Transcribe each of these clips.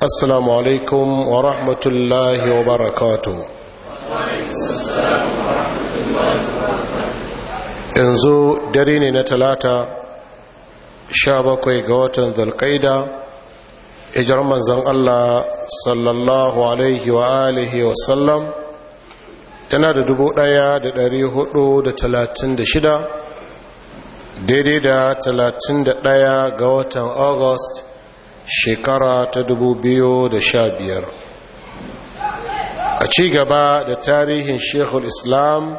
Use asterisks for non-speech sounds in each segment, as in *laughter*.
assalamu alaikum wa rahmatullahi wa barakatu yanzu dare ne na talata sha bakwai ga watan zulkaida ijar manzan allah sallallahu alaihi wa alihi wa sallam tana da dubu ɗaya da dari hudu da talatin da shida daidai da talatin da ɗaya ga watan august shekara ta da sha biyar. a ci gaba da tarihin shekul islam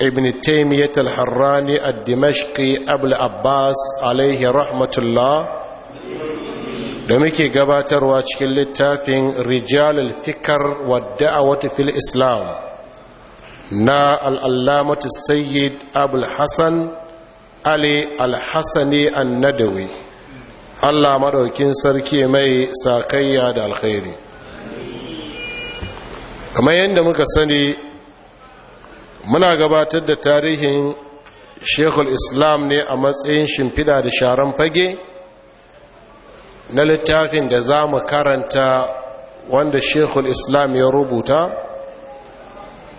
ibn taimiyyat al-harrani al-dimashqi abul abbas alaihi rahmatullah da muke gabatarwa cikin littafin rijal al-fikar wa a wata fil islam na al'allamatu sayyid abul hassan ali al-hassani an-nadawi allah madaukin sarki mai sakayya da alkhairi kamar yadda muka sani muna gabatar da tarihin shekul islam ne a matsayin shimfiɗa da sharan fage na littafin da za mu karanta wanda shekul islam ya rubuta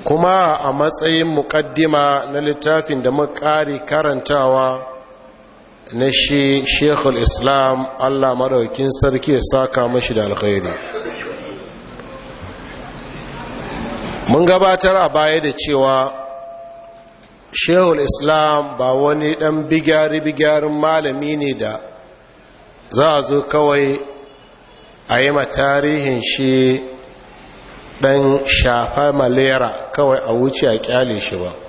kuma a matsayin mukaddima na littafin da muka ƙari karantawa na shi shekul islam allah maraukin sarki ya saka mashi da alkhairi mun gabatar a baya da cewa shekul islam ba wani dan bigari bigarin malami ne da za a zo kawai a yi tarihin shi dan shafa malera kawai a wuce a kyale shi ba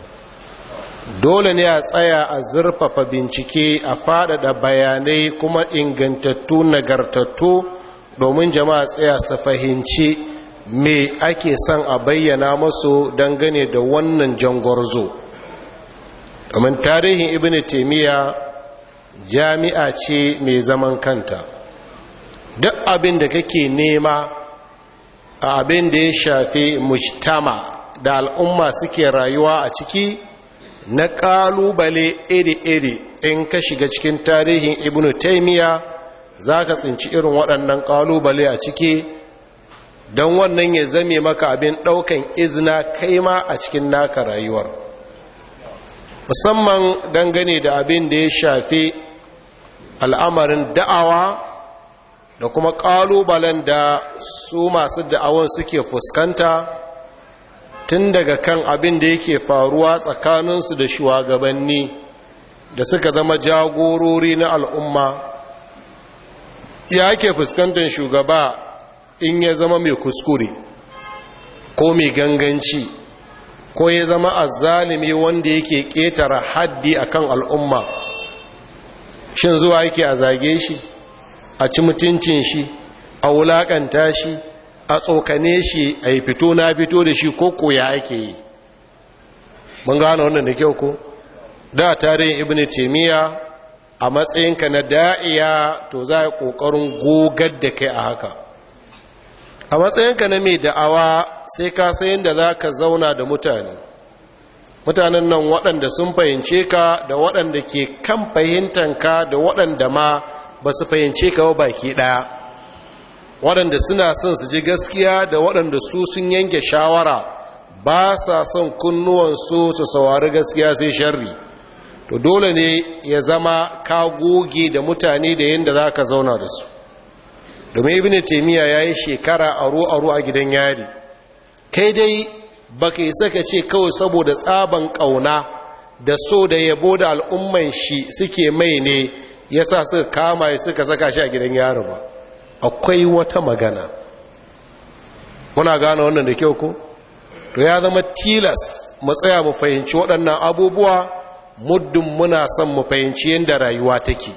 dole ne a tsaya a zurfafa bincike a faɗaɗa bayanai kuma ingantattu nagartattu domin jama'a tsaya su fahimci me ake son a bayyana masu dangane da wannan jangorzo domin tarihin ibn taimiyya jami'a ce mai zaman kanta duk abin da kake nema a abin da ya shafi mujtama da al'umma suke rayuwa a ciki na ƙalubale iri-iri in ka shiga cikin tarihin ibn taimiyya za ka tsinci irin waɗannan ƙalubale a ciki don wannan ya zame maka abin ɗaukan izina kai ma a cikin naka rayuwar musamman dangane da abin da ya shafi al'amarin da'awa da kuma ƙalubalen da su masu da'awon suke fuskanta tun daga kan abin da yake faruwa tsakaninsu da shugabanni da suka zama jagorori na al'umma ya ke fuskantar shugaba in ya zama mai kuskure ko mai ganganci ko ya zama azzalimi wanda yake ƙetare haddi a kan al'umma shin zuwa yake a zage shi a ci mutuncin shi a wulaƙanta shi a tsokane shi a yi fito na fito da shi ko koya ake yi mun gano wannan da kyau ko da tarihin ibn taimiyya a matsayinka na da'iya to za a yi kokarin gogar da kai a haka a matsayinka na mai da'awa sai ka sayin da za ka zauna da mutane mutanen nan waɗanda sun fahimce ka da waɗanda ke kan fahimtanka da waɗanda ma ba su fahimce ka ba baki ɗaya waɗanda suna son su ji gaskiya da waɗanda su sun yanke shawara ba sa son kunnuwan su su saurari gaskiya sai sharri to dole ne ya zama ka goge da mutane da yadda za ka zauna da su domin ne taimiyya ya yi shekara aro-aro a gidan yari kai dai ba ka yi saka ce kawai saboda tsaban ƙauna da so da yabo da al'umman shi suke mai ne ya sa suka kama ya suka saka shi a gidan yari ba akwai wata magana muna gane wannan da kyau ko to ya zama tilas mu tsaya mu fahimci waɗannan abubuwa muddin muna son mu fahimci yadda rayuwa take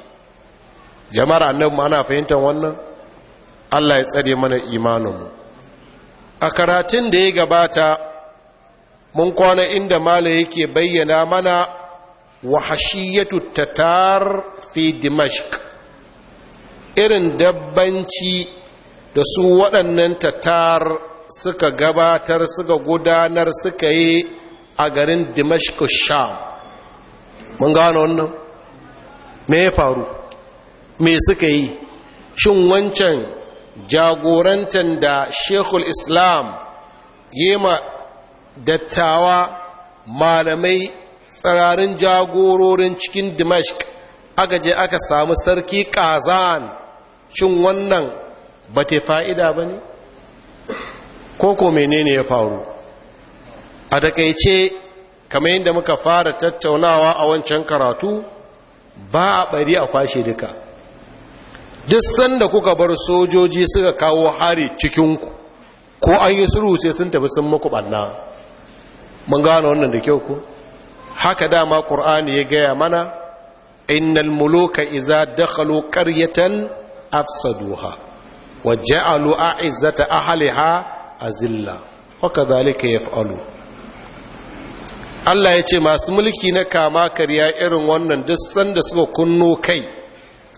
jama'ar annabi ana fahimtar wannan Allah ya tsare mana imaninmu a karatun da ya gabata mun kwana inda mala yake bayyana mana wahashiyatu tatar fi dimashq irin dabbanci da su waɗannan tatar suka gabatar suka gudanar suka yi a garin dimashku sham mun gano wannan me ya faru me suka yi shin wancan jagorantar da shekul islam ma dattawa malamai tsirarin jagororin cikin dimashk aka je aka samu sarki kazan Cin wannan ba ta fa'ida ba ne ko ko menene ya faru a takaice kamar yadda muka fara tattaunawa a wancan karatu ba a bari a kwashe duka duk sanda kuka bar sojoji suka kawo hari cikinku ko an yi suru sai sun tafi sun maku ɓanna mun gano wannan da kyau ku haka dama ƙur'ani ya gaya mana innal muluka iza dakhalu qaryatan afsaduha wa ja'alu a'izzata ahliha azilla wa kadhalika yaf'alu Allah yace masu mulki na kama karya irin wannan duk sanda suka kunno kai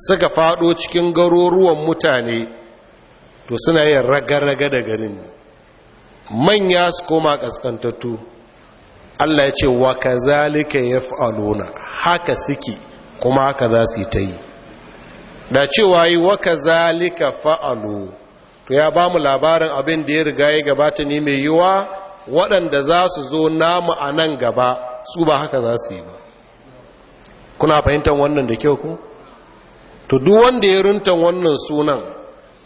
suka fado cikin garuruwan mutane to suna yin raga-raga da garin manya su koma kaskantattu Allah ya ce wa kazalika yaf'aluna haka suke kuma haka za su yi ta yi da cewa yi waka zalika fa'alu to ya ba mu labarin abin da ya riga ya gabata ne mai yiwa waɗanda za su zo namu a nan gaba su ba haka za su yi ba kuna fahimtar wannan da kyau ku to duk wanda ya runta wannan sunan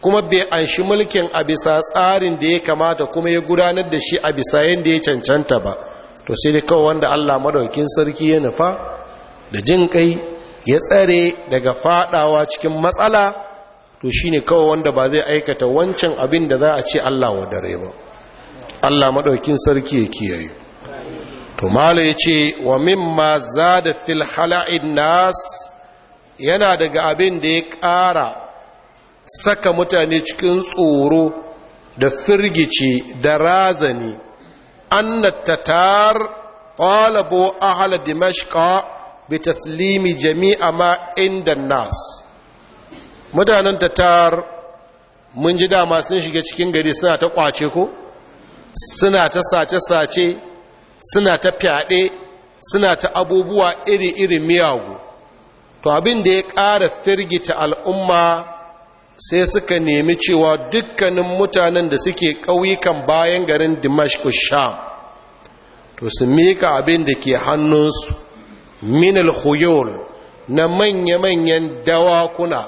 kuma bai anshi mulkin a bisa tsarin da ya kamata kuma ya gudanar da shi a bisa yadda ya cancanta ba to sai dai kawai wanda allah madaukin sarki ya nufa da jin kai ya tsare daga fadawa cikin matsala to shine kawai wanda ba zai aikata wancan abin da za a ce Allah wa dare ba Allah maɗaukin sarki ya kiyaye to ya yace wa mimma zada fil hala'in nas yana daga abin da ya ƙara saka mutane cikin tsoro da firgici da razani annat tatar qalabo ahla dimashqa bi taslimi jami'a ma inda nas mutanen tatar mun ji dama sun shiga cikin gari suna ta kwace ko suna ta sace-sace suna ta fyaɗe suna ta abubuwa iri-iri miyagu to abin da ya ƙara firgita al'umma sai suka nemi cewa dukkanin mutanen da suke ƙauyukan bayan garin dimashku sham to su mika abin da ke hannunsu min al na manya-manyan dawakuna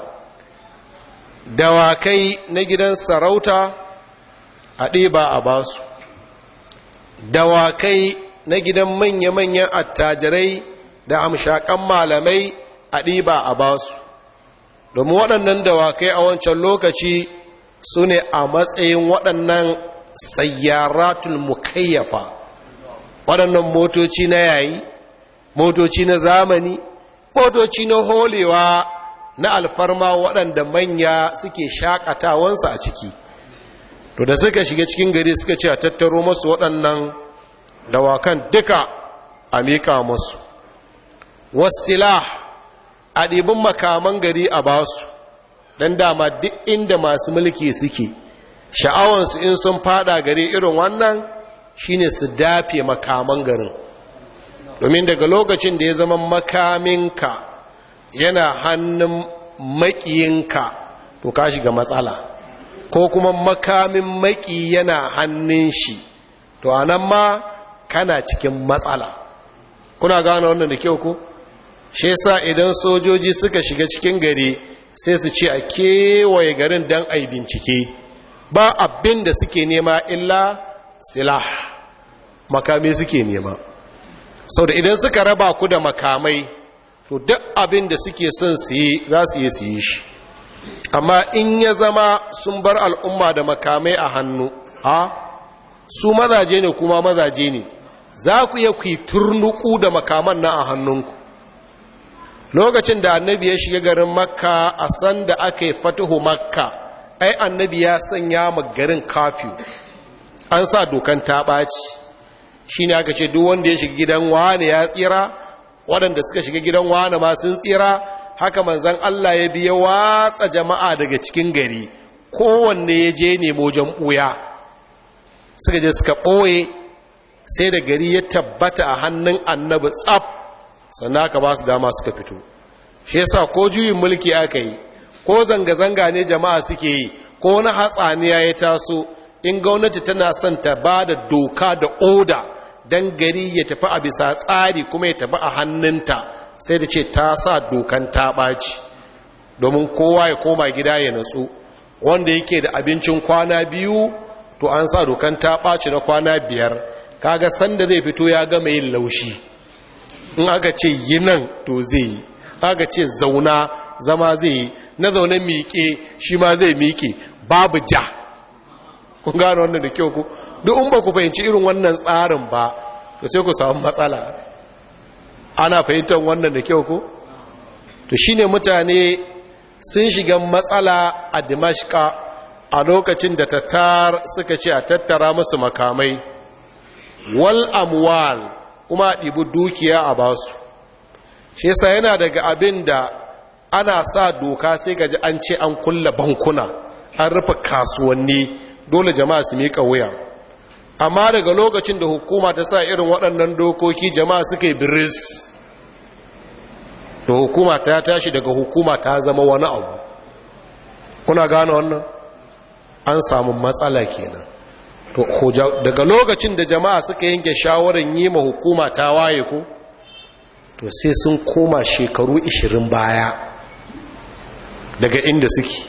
dawakai na gidan sarauta a ɗiba a basu dawakai na gidan manya-manyan attajirai da amshakan malamai a ɗiba a basu domin waɗannan dawakai a wancan lokaci su ne a matsayin waɗannan sayyaratul mukayyafa waɗannan motoci na yayi motoci na zamani motoci na holewa na alfarma waɗanda manya suke shaƙatawansu a ciki to da suka shiga cikin gari suka ce a tattaro masu waɗannan dawakan duka a mika masu wasila a ɗibin makaman gari a basu don dama duk inda masu mulki suke sha'awansu in sun fada gari irin wannan shine su dafe makaman garin domin daga lokacin da ya zama makaminka yana hannun makiyinka, to ka shiga matsala ko kuma makamin maki yana hannun shi to anan ma kana cikin matsala kuna gane wannan da kyau ko shi yasa idan sojoji suka shiga cikin gari sai su ce a kewaye garin dan a bincike ba abin da suke nema illa silah makami suke nema sau da idan suka raba ku da makamai to duk abin da suke son su yi za su yi su shi amma in ya zama sun bar al'umma da makamai a hannu ha su mazaje ne kuma mazaje ne za ku iya ku turnuku da makaman na a hannunku lokacin da annabi ya shiga garin makka a san da aka yi fatuhu makka ai annabi ya sanya ma garin kafiyu an sa dokan ta ɓaci shi ne aka ce duk wanda ya shiga gidan wane ya tsira waɗanda suka shiga gidan wane ma sun tsira haka manzan Allah ya biya watsa jama'a daga cikin gari kowanne ya je nemo jam'uya suka je suka ɓoye sai da gari ya tabbata a hannun annabi tsaf sannan aka ba su dama suka fito shi yasa ko juyin mulki aka yi ko zanga-zanga ne jama'a suke yi ko wani hatsaniya ya taso in gwamnati tana son ta ba da doka da oda don gari ya tafi a bisa tsari kuma ya tafi a hannunta sai da ce ta sa dokan ta ɓaci domin kowa ya koma gida ya nutsu. wanda yake da abincin kwana biyu to an sa dokan ta ɓaci na kwana biyar kaga sanda zai fito ya gama yin laushi in aka ce yi nan to zai yi aka ce zauna zama zai yi na zaune miƙe shi ma zai miƙe babu ja kun gano wannan da kyau ku duk in ba ku fahimci irin wannan tsarin ba to sai ku samu matsala ana fahimtar wannan da kyau ku to ne mutane sun shiga matsala a dimashika a lokacin da tattar suka ce a tattara musu makamai wal amwal kuma a ɗibi dukiya a basu shi yasa yana daga abin da ana sa doka sai gaji an ce an kulla bankuna an rufe kasuwanni dole jama'a su miƙa wuya amma daga lokacin da hukuma ta sa irin waɗannan dokoki jama'a suke biris to hukuma ta tashi daga hukuma ta zama wani abu kuna gane wannan an samu matsala kenan daga lokacin da jama'a suka yanke shawarar yi ma hukuma ta waye ko to sai sun koma shekaru 20 baya daga inda suke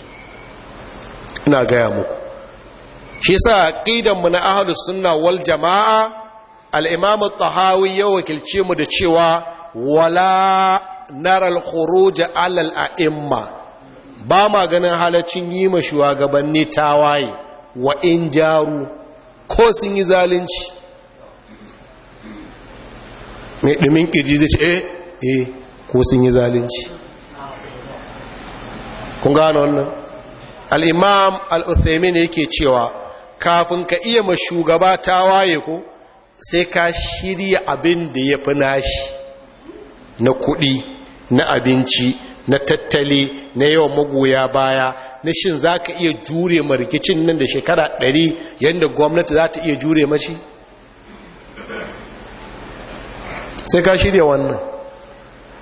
ina gaya muku shi sa ƙidanmu mu na ahlus suna wal jamaa al’imamu tahawi ya wakilce mu da cewa wala nara al alal ala al-a'imma ba ma ganin halaccin yi ma shugabanni tawaye wa in jaru ko sun yi zalunci mai dumin ƙirji zai ce eh eh ko sun yi zalunci kun gano wannan al’imam imam ne yake cewa kafin ka iya ma shugaba ta waye ko sai ka shirya abin da ya fi nashi na kuɗi na abinci na tattali na yawan magoya baya na shin za ka iya jure ma rikicin nan da shekara ɗari yadda gwamnati za ta iya jure mashi sai ka shirya wannan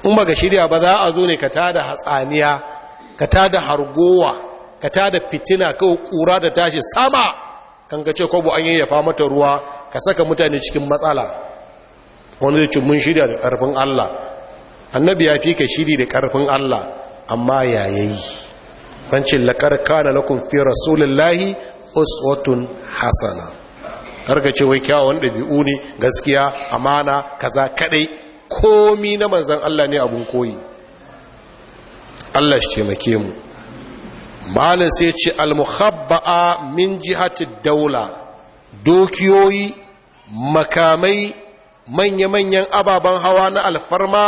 in ba ka shirya ba za a zo ne ka da hatsaniya ka da hargowa ka da fitina kawai kura da tashi sama kan ka ce kwabo an yafa mata ruwa ka saka mutane cikin matsala wani zai ce shirya da ƙarfin Allah annabi ya fi ka shiri da ƙarfin Allah amma yayayi ban ce na kana lakum fi lahi uswatun hasana karka ce wai kyawun ɗabi'u ne gaskiya amana kaza kadai komi na manzan Allah ne abin koyi Allah shi taimake mu malin sai ce almuhabba'a min jihati daula dokiyoyi makamai manya-manyan ababen hawa na alfarma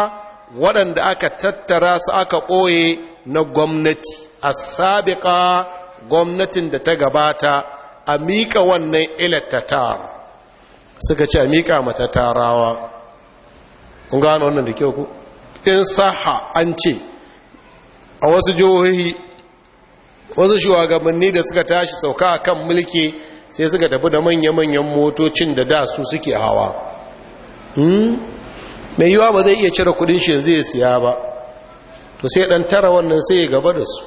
waɗanda aka tattara su aka ɓoye na gwamnati a sabiƙa gwamnatin da ta gabata a miƙa wannan ilattatar suka ce a miƙa mata tarawa kun gano wannan da kyau ku in saha an ce a wasu jihohi wasu shugabanni da suka tashi sauka a kan mulki sai suka tafi da manya-manyan motocin da da su suke hawa hmm? mai yiwa ba zai iya cire kudin shi yanzu ya siya ba to sai dan tara wannan sai ya gaba da su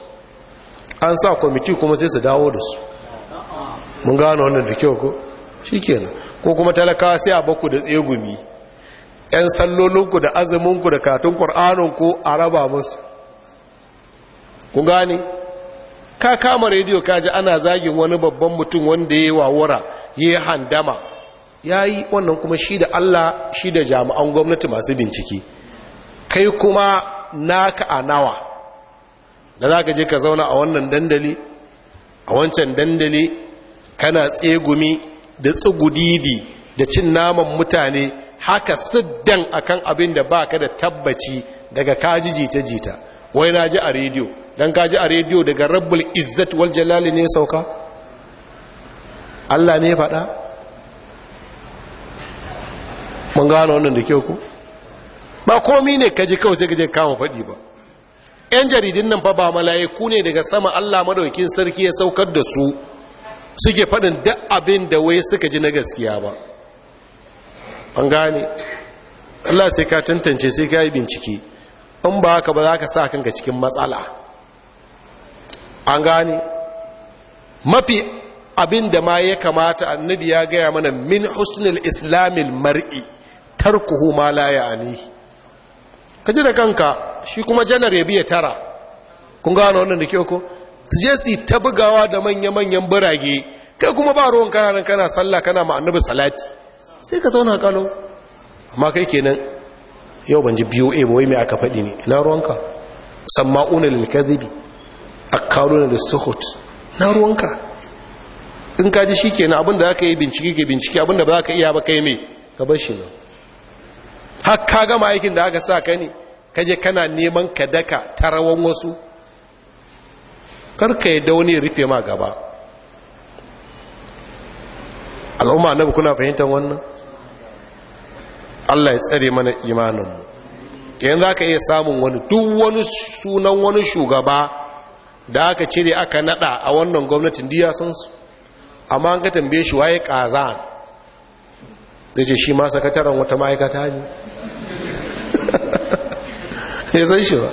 an sa kwamiti kuma sai su dawo da su mun gano wannan da kyau ko shi nan. ko kuma talakawa sai a baku da tsegumi yan sallolinku da azuminku da katun ƙur'aninku a raba musu ku gane ka kama rediyo ka ji ana zagin wani babban mutum wanda ya yi wawura ya yi handama ya yi wannan kuma shi da allah shi da jami'an gwamnati masu bincike kai kuma naka a nawa da za ka je ka zauna a wannan dandali a wancan dandali kana tsegumi da tsugudidi da cin naman mutane haka siddan akan abin da baka da tabbaci daga kaji jita-jita wai na ji a rediyo don kaji a rediyo daga rabbul izzat wal jalali ne sauka allah ne faɗa mun gano wannan da kyau ku ba komi ne kaji kawai sai kaje kama faɗi ba yan jaridin nan fa ba mala'iku ne daga sama allah madaukin sarki ya saukar da su suke faɗin duk abin da wai suka ji na gaskiya ba an gane allah sai ka tantance sai ka yi bincike in ba haka ba za ka sa kanka cikin matsala an gane mafi abin da ma ya kamata annabi ya gaya mana min husnul islamil mar'i tarkuhu ma la ya'ani kaji da kanka shi kuma janar ya biya tara kun gano wannan da ke ko su je su ta bugawa da manya-manyan burage. kai kuma ba ruwan nan kana sallah kana ma annabi salati sai ka zauna kalo amma kai kenan yau ban ji biyo ba wai me aka faɗi ne ina ruwanka samma'una lil kadhibi a karuna da suhut na ruwanka in kaji shi ke na abinda za ka yi bincike ke bincike abinda ba za ka iya ba kai mai ka bar shi nan Haka gama aikin da aka sa ka ne kaje kana neman ka daka ta rawan wasu karka yi dauni rufe ma gaba al'umma na kuna fahimtar wannan Allah ya tsare mana imaninmu yanzu za ka iya samun wani duk wani sunan wani shugaba da aka cire aka nada a wannan gwamnatin diya sun su amma an ka tambaye shi waye kaza da ce shi ma sakataren wata ma'aikata ne *laughs* ya san shi ba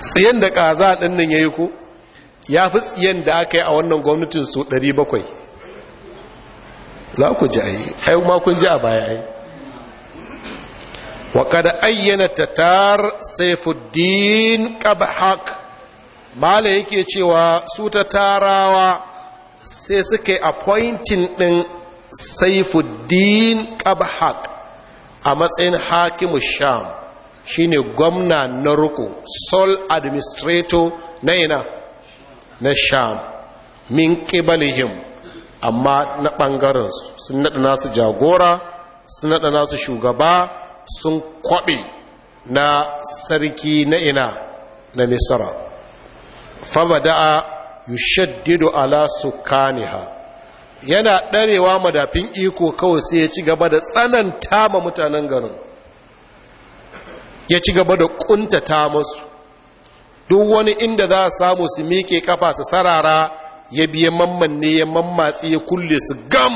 tsayen da kaza ɗan nan ya yi ko ya fi tsayen da aka yi a wannan gwamnatin su 700 za ku ji a yi ai ma kun ji a baya ai wa kada ayyana tatar saifuddin qabhaq mala yake cewa su ta tarawa sai suka yi appointing ɗin saifuddin qabhaq a matsayin hakimu sham shine gwamna na ruku sole administrator na ina na sham min ƙibalihim amma na ɓangaren sun naɗa nasu jagora sun naɗa nasu shugaba sun kwaɓe na sarki na ina na misra fabada'a yushaddidu ala sukaniha yana ɗarewa madafin iko kawai sai ya ci gaba da tsananta ma mutanen garin ya ci gaba da ƙuntata masu duk wani inda za a samu su miƙe kafa su sarara ya biya mamman ne ya mammatsi ya kulle su gam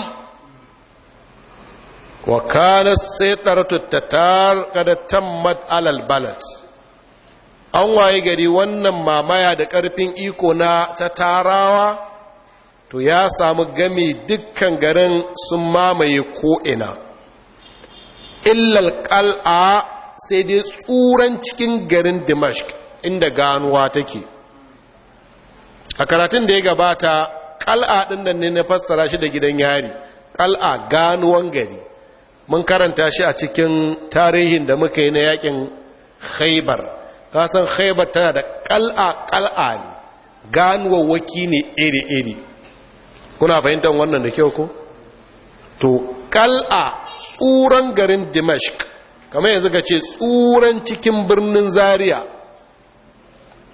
wa kana sai tattatar kada tammat alal balat an waye gari wannan mamaya da ƙarfin iko na ta tarawa to ya samu gami dukkan garin sun mamaye ko'ina illal ƙal'a sai dai tsuran cikin garin dimashq inda ganuwa take a karatun da ya gabata ƙal'a ɗinnan ne na fassara shi da gidan yari ƙal'a ganuwan gari mun karanta shi a cikin tarihin da muka yi na yakin khaibar ka san tana da ƙal'a-ƙal'a ne waki ne iri iri kuna fahimtar wannan da kyau ko to ƙal'a tsuran garin dimashk kamar yanzu ka ce tsuran cikin birnin zaria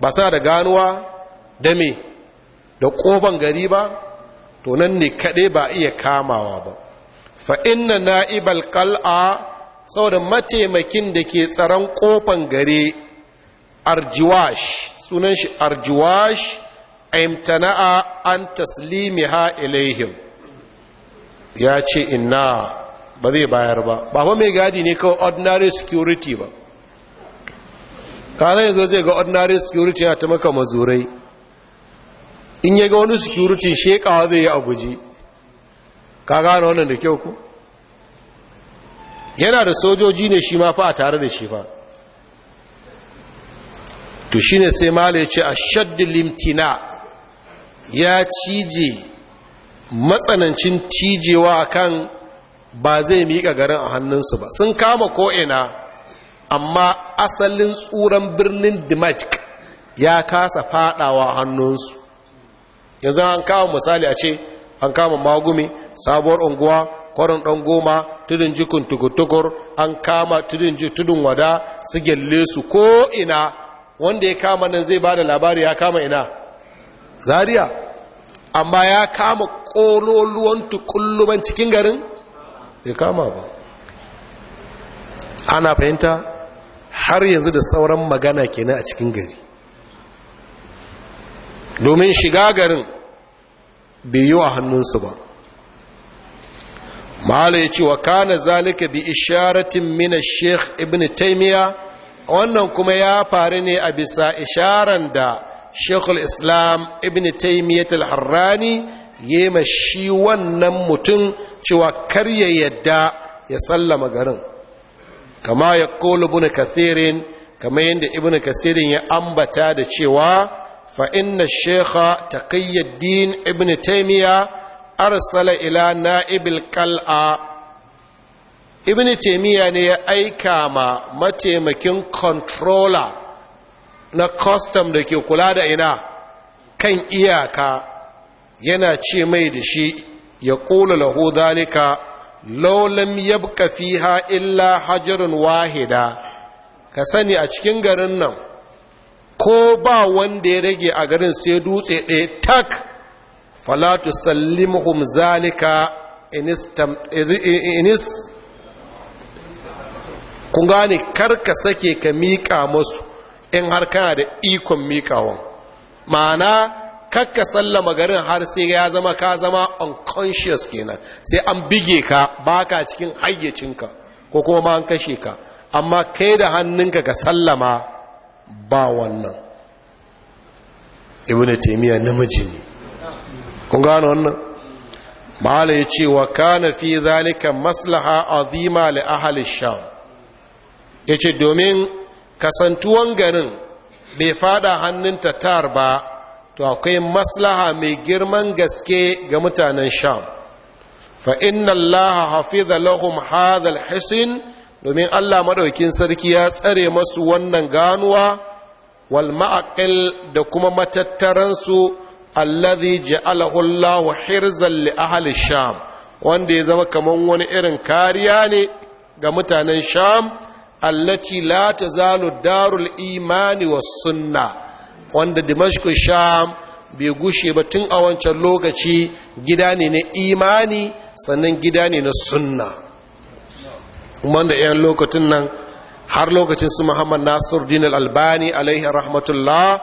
ba sa da ganuwa da me da ƙofan gari ba to nan ne kaɗai ba iya kamawa ba fa na'ibal ƙal'a saboda mataimakin da ke tsaron ƙofan gare arjiwash sunan shi arjiwash imtana'a an taslimiha ilaihim ya ce inna ba zai bayar ba ba ba mai gadi ne kawai ordinary security ba kaza yanzu zai ga ordinary security ya ta maka mazurai in ya ga wani security shekawa zai yi a guji ka gano wannan da kyau ku yana da sojoji ne shi ma fa a tare da shi ba. to ne sai mala ya ce a shaddilimtina limtina ya cije matsanancin cijewa kan ba zai miƙa garin a hannunsu ba sun kama ko'ina amma asalin tsuran birnin dimashq ya kasa fadawa a hannunsu yanzu an kama misali a ce an kama magumi sabuwar unguwa kwarin ɗan goma tudun jikun tukutukur an kama tudun wada su gyalle su ko'ina wanda ya kama nan zai ba da labari ya kama ina zariya amma ya kama ƙololuwan tukulluban cikin garin ya kama ba ana fahimta har yanzu da sauran magana kenan a cikin gari domin shiga garin bai yi wa hannunsu ba mahala ya ce wa kana zalika bi isharatin mina sheikh ibn taimiyya wannan kuma ya faru ne a bisa isharar da shekul islam ibn taimiyyat al-harrani ya ma shi wannan mutum cewa kar ya yadda ya sallama garin kama ya kolo ibn kathirin kama yadda ibn kathirin ya ambata da cewa fa inna shekha ibn taimiyya arsala ila na'ibil kal'a ibini taimiyya ne ya aika ma mataimakin controller na custom da ke kula da ina kan iyaka yana ce mai da shi ya ƙula lahu zalika laulam yabka fiha illa hajarun wahida ka sani a cikin garin nan ko ba wanda ya rage a garin sai dutse ɗaya tak falatu sallimhum zalika inis kun gane karka sake ka miƙa masu in har kana da ikon miƙawan ma'ana kakka sallama garin har sai ya zama ka zama unconscious kenan sai an bige ka baka cikin hayyacinka ko kuma ma an kashe ka amma kai da hannunka ka sallama ba wannan ibn taymiya namiji ne kun gane wannan mahala ya ce wa kana fi zalika maslaha azima li ahli sham ya ce domin kasantuwan garin bai fada hannun tatar ba to akwai maslaha mai girman gaske ga mutanen sham fa inna allaha hafiza lahum hadhal hisin domin allah madaukin sarki ya tsare masu wannan ganuwa wal ma'aqil da kuma matattaransu allazi ja'alahu allah hirzan li ahli sham wanda ya zama kaman wani irin kariya ne ga mutanen sham allati la zalu darul imani wa sunna wanda dimashq sham bai gushe ba tun a wancan lokaci gida ne na imani sannan gida ne na sunna wanda yan lokacin nan har lokacin su muhammad nasir din albani alaihi rahmatullah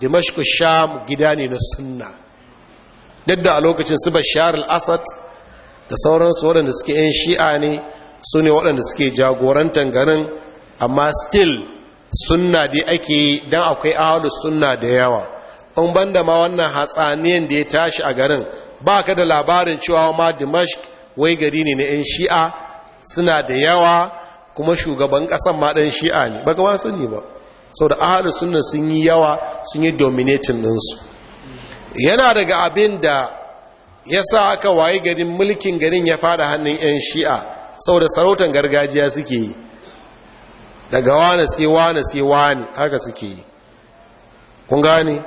dimashq sham gida ne na sunna duk da a lokacin su bashar al-asad da sauransu waɗanda suke yan shi'a ne su ne waɗanda suke jagorantar ganin amma still sunna dai ake yi don akwai ahadu sunna da yawa in banda ma wannan hatsaniyan da ya tashi a garin ba ka da labarin cewa ma dimashq wai gari ne na 'yan shi'a suna da yawa kuma shugaban ƙasan ma ɗan shi'a ne ba gaba sani ba sau da ahadu sunna sun yi yawa sun yi dominatin ɗinsu yana daga abin da ya sa aka waye garin mulkin garin ya fada hannun 'yan shi'a saboda sarautar gargajiya suke yi daga wane sai wane sai wane haka suke yi kun gane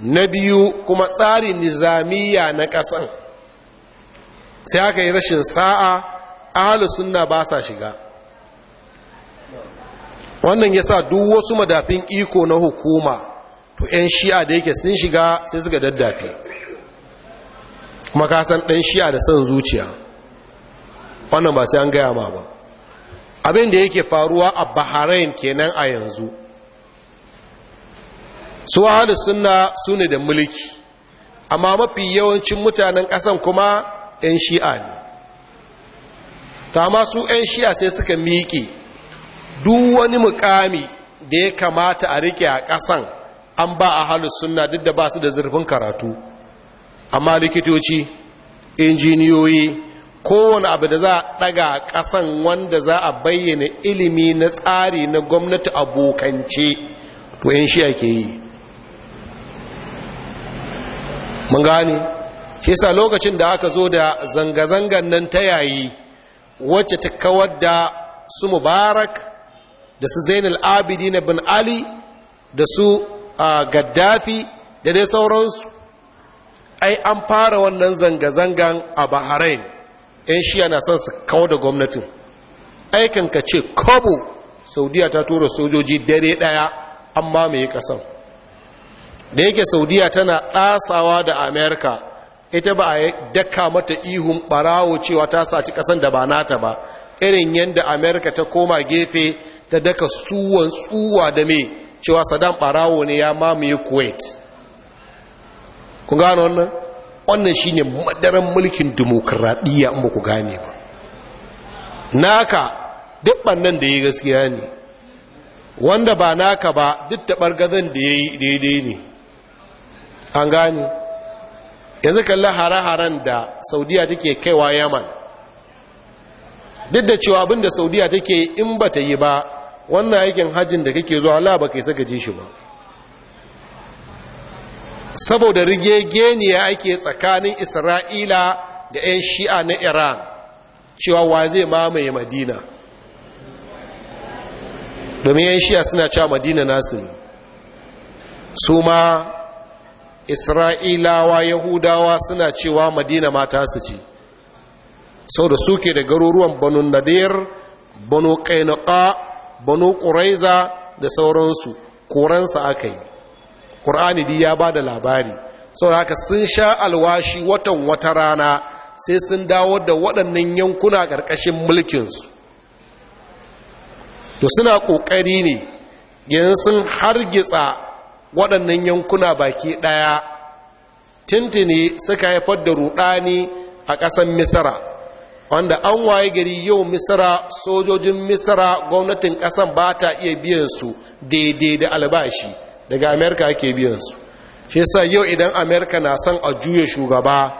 na biyu kuma tsarin nizamiya na ƙasan sai aka yi rashin sa'a ahalu sunna ba sa shiga wannan ya sa duk wasu madafin iko na hukuma to 'yan shi'a da yake sun shiga sai suka daddafe kuma kasan ɗan shi'a da son zuciya wannan ba sai an gaya ma ba abin da yake faruwa a bahrain kenan a yanzu su wahala sunna su ne da mulki amma mafi yawancin mutanen ƙasan kuma 'yan shi'a ne ta masu 'yan shi'a sai suka miƙe duk wani mukami da ya kamata a rike a ƙasan an ba a halin suna duk da ba su da zurfin karatu amma likitoci injiniyoyi kowane abu da za a ɗaga ƙasan wanda za a bayyana ilimi na tsari na gwamnati abokance to yin shi ake yi mun gane shi sa lokacin da aka zo da zanga-zangan nan ta yayi wacce ta kawar da su mubarak da su zainal abidi na bin ali da su gaddafi da dai sauransu ai an fara wannan zanga-zangan a bahrain 'yan shiya na son su kawo da gwamnatin aikan ka ce kobo saudiya ta tura sojoji dare daya an mamaye kasan da yake saudiya tana ɗasawa da amerika ita ba a daka mata ihun barawo cewa ta saci kasan da ba nata ba irin yadda amerika ta koma gefe ta daka suwan tsuwa da mai cewa sadan barawo ne ya mamaye kuwait ku gano wannan wannan shi ne madaran mulkin demokradiyya in ba ku gane ba naka duk ɓannan da yi gaskiya ne wanda ba naka ba duk taɓar gazan da ya yi daidai ne an gane yanzu kallon hare-haren da saudiya take kaiwa yaman duk da cewa abinda saudiya take in ba ta yi ba wannan aikin hajjin da kake zuwa la ba kai saka ji shi ba saboda rigegeniya ake tsakanin isra'ila da 'yan shi'a na iran cewa wa zai mamaye madina domin 'yan shi'a suna cewa madina nasu ne su ma isra'ilawa yahudawa suna cewa madina mata su ce sau da suke da garuruwan banu nadir banu kainaka banu ƙuraiza da sauransu koransa aka yi ƙur'ani di ya ba da labari sau haka sun sha alwashi watan wata rana sai sun dawo da waɗannan yankuna ƙarƙashin mulkinsu to suna ƙoƙari ne yanzu sun hargitsa waɗannan yankuna baki ɗaya tintini suka haifar da ruɗani a ƙasan misira wanda an waye gari yau misira sojojin misira gwamnatin ƙasan ba ta iya biyan su daidai da albashi daga amerika ake biyansu shi sa yau idan amerika na son a juya shugaba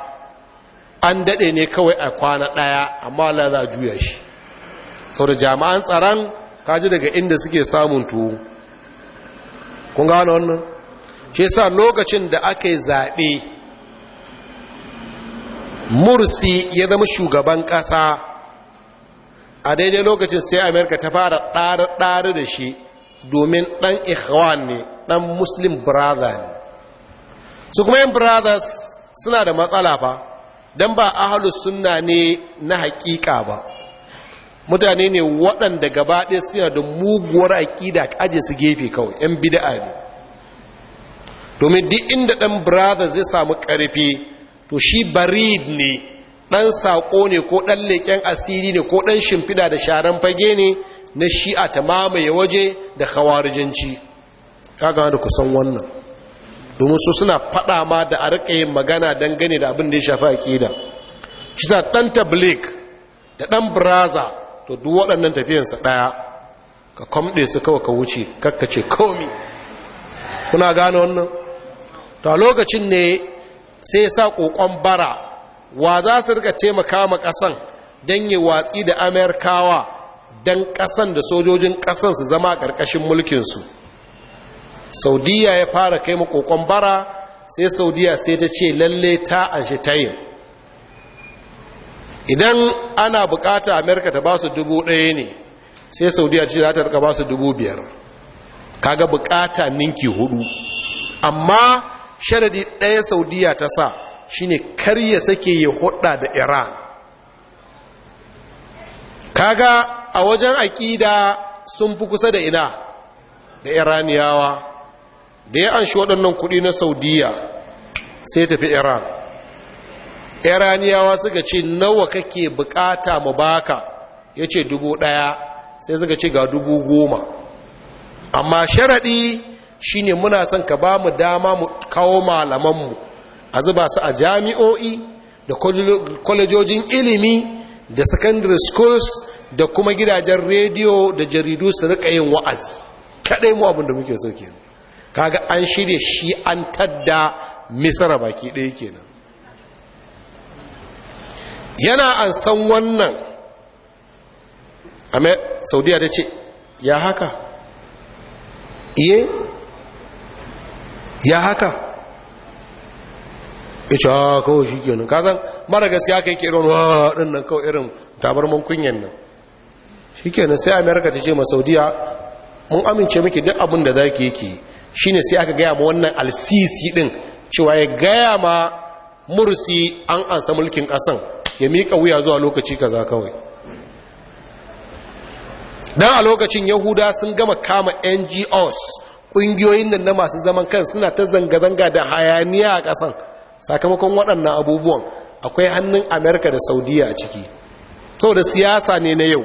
an daɗe ne kawai a kwana ɗaya amma la za a juya shi sau da jami'an tsaron kaji daga inda suke samun tuwo kun gano wannan shi sa lokacin da aka yi zaɓe mursi ya zama shugaban ƙasa a daidai lokacin sai amerika ta fara ɗari da shi domin ɗan ikhwan ne dan muslim brother ne su kuma yin brothers suna da matsala ba don ba ahalus sunna ne na hakika ba mutane ne waɗanda gaba ɗaya suna da muguwar aƙida aje su gefe kawai 'yan bida'a ne domin duk inda ɗan brothers zai samu ƙarfi to shi barid ne ɗan saƙo ne ko ɗan leƙen asiri ne ko ɗan shimfida da sharan fage ne na shi'a ta mamaye waje da khawarijanci kaga da kusan wannan domin su suna fada ma da a riƙe yin magana dangane da abin da ya shafi aƙida. shi sa ɗan tabligh da ɗan braza to duk waɗannan tafiyansa ɗaya ka kwamɗe su kawai ka wuce kakkace komi kuna gane wannan ta lokacin ne sai sa ƙoƙon bara wa za su riƙa taimaka ma ƙasan don yi watsi da amerikawa don ƙasan da sojojin ƙasan su zama ƙarƙashin mulkinsu saudiya ya fara kai makokon bara sai saudiya sai ta ce lalle ta anshi tayin idan ana bukata amerika ta ba su dubu ɗaya ne sai saudiya ce za ta rika ba su dubu biyar kaga bukata ninki hudu amma sharadi ɗaya saudiya ta sa shine karye sake ya hudda da iran kaga a wajen aƙida sun fi kusa da ina da iraniyawa da ya anshi waɗannan kuɗi na saudiya sai tafi iran iraniyawa suka ce nawa kake bukata mu baka ya ce dubu ɗaya sai suka ce ga dubu goma amma sharaɗi shine muna son ka ba mu dama mu kawo malamanmu a zuba su a jami'o'i da kwalejojin ilimi da secondary schools da kuma gidajen rediyo da jaridu su rika yin wa'azi kaɗai mu abin da muke sauke ne kaga an shirya shi an tadda misara baki ɗaya kenan yana an san wannan amma saudiya ta ce ya haka iye ya haka ita ha ah, kawai shi kenan kasan mara gaskiya kai ke irin waɗin ah, nan kawai irin tabarman kunyan nan shi kenan sai amerika ta ce ma saudiya mun amince miki duk abin da za ki yi Shi ne sai aka gaya ma wannan alsisi ɗin, cewa ya gaya ma mursi an ansa mulkin ƙasan, ya miƙa wuya zuwa lokaci kaza kawai Don a lokacin yahuda sun gama kama ngos ƙungiyoyin nan na masu zaman kan suna ta zanga-zanga da hayaniya a ƙasan sakamakon waɗannan abubuwan akwai hannun amerika da saudiya a ciki sau da siyasa ne na yau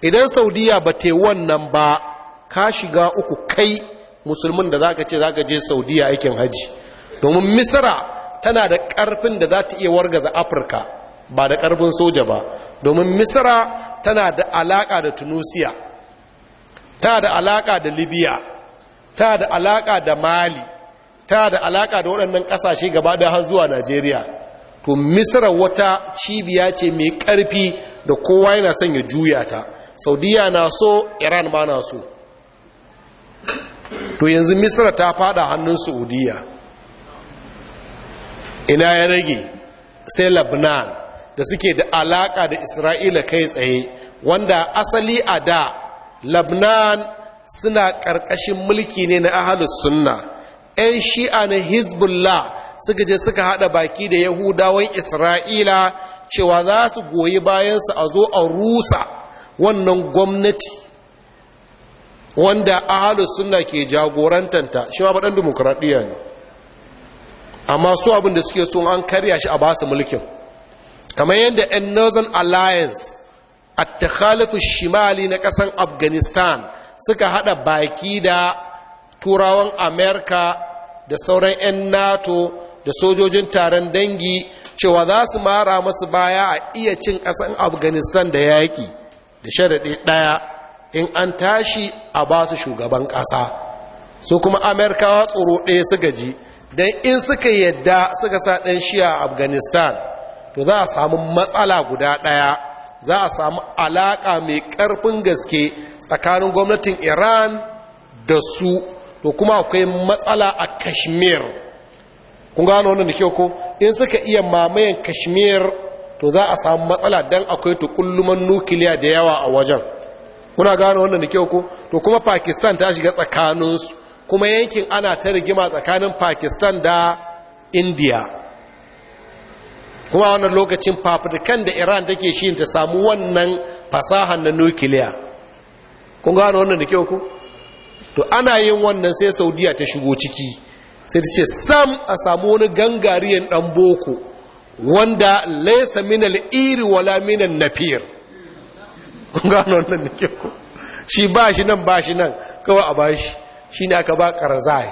idan saudiya ba te wannan ba ka shiga uku kai musulmin da zaka ce zaka je saudiya aikin haji domin misra tana da ƙarfin da za ta iya wargaza afirka ba da ƙarfin soja ba domin misra tana da alaƙa da tunisia ta da alaƙa da libya ta da alaƙa da mali ta da alaƙa da waɗannan ƙasashe gaba da har zuwa najeriya to misra wata cibiya ce mai ƙarfi da kowa yana son ya juya ta saudiya na so iran ma na so to yanzu misra ta fada hannun saudiya ina ya rage sai labnan da suke da alaka da isra'ila kai tsaye wanda asali a da labnan suna ƙarƙashin mulki ne na ahalus sunna 'yan shi'a na hezbollah suka je suka haɗa baki da yahudawan isra'ila cewa za su goyi bayansu a zo a rusa wannan gwamnati wanda ahalus suna ke jagorantanta shi ba dan demokradiya ne amma su abin da suke so an karya shi a basu mulkin kamar yadda yan northern alliance a takhalifu shimali na kasan afghanistan suka haɗa baki da turawan america da sauran yan nato da sojojin taron dangi cewa za su mara masu baya a iya cin kasan afghanistan da yaƙi da sharaɗe ɗaya in an tashi a ba su shugaban ƙasa su kuma amerikawa tsoro ɗaya suka ji don in suka yadda suka sa ɗan shiya a afghanistan to za a samu matsala guda ɗaya za a samu alaƙa mai ƙarfin gaske tsakanin gwamnatin iran da su to kuma akwai matsala a kashmir kun gano wannan da kyau ko in suka iya mamayen kashmir to za a samu matsala don akwai tukulluman nukiliya da yawa a wajen kuna gano wannan da kyau ko to kuma pakistan ta shiga tsakaninsu kuma yankin ana ta rigima tsakanin pakistan da india kuma wannan lokacin fafutukan da iran take shi ta samu wannan fasahan na nukiliya kun gano wannan da kyau ko to ana yin wannan sai saudiya ta shigo ciki sai ta ce sam a samu wani gangariyan dan boko wanda laisa minal iri wala minan nafir Kunga gano wannan da ke ku shi ba shi nan ba shi nan kawai a ba shi shi ne aka ba karzai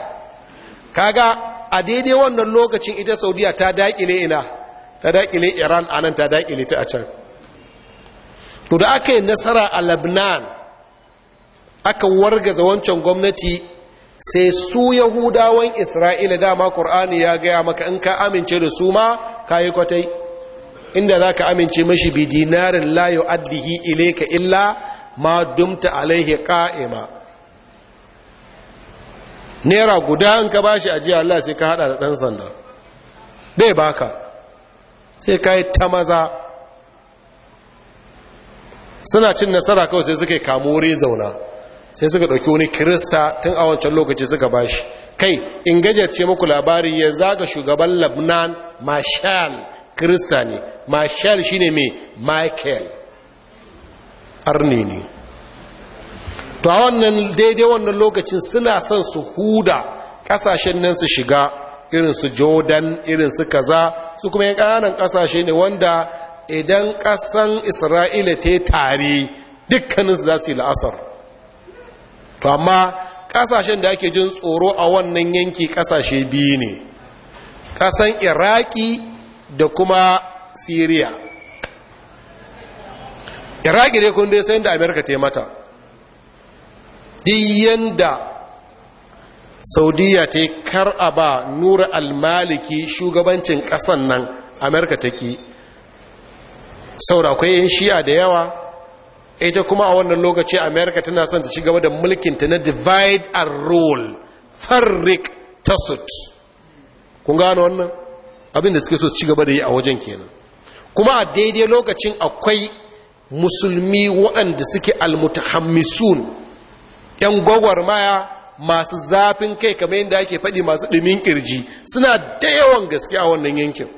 kaga a daidai wannan lokacin ita saudiya ta daƙile ina ta daƙile iran a nan ta daƙile ta a can to da aka yi nasara a labnan aka wargaza wancan gwamnati sai su yahudawan isra'ila dama Kur'ani ya gaya maka in ka amince da su ma ka yi kwatai inda za ka amince mashi bi dinarin layo addihi ileka illa ma dumta alaihi ka'ima naira guda in ka bashi jiya Allah sai ka hada da ɗan sanda dai baka sai ka yi ta maza suna cin nasara kawai sai suka yi wuri zauna sai suka ɗauki wani kirista tun a wancan lokaci suka ba shi. kai in ce muku labari yanzu zaga shugaban labnan mashal kirista ne shi ne mai michael arne ne to a wannan daidai wannan lokacin suna son su huda kasashen nan su shiga irin su jordan irin su kaza su kuma yin ƙananan kasashe ne wanda idan ƙasan isra'ila ta yi tare dukkaninsu za su yi la'asar to amma kasashen da ake jin tsoro a wannan yanki kasashe biyu ne kasan iraki da kuma syria iraki dai kun dai sayan da amerika ta mata diyan da saudiya ta kar a ba nura almaliki shugabancin kasar nan amerika ta ki saura akwai 'yan shi'a da yawa ita kuma a wannan lokaci amerika tana son ta ci gaba da mulkinta na divide and rule farrik tasut kun gano wannan abinda suke so su ci gaba da yi a wajen kenan kuma a daidai lokacin akwai musulmi waɗanda suke almutahammisun yan gwagwarmaya masu zafin kai kamar yadda ake faɗi masu ɗumin ƙirji suna da yawan gaske a wannan yankin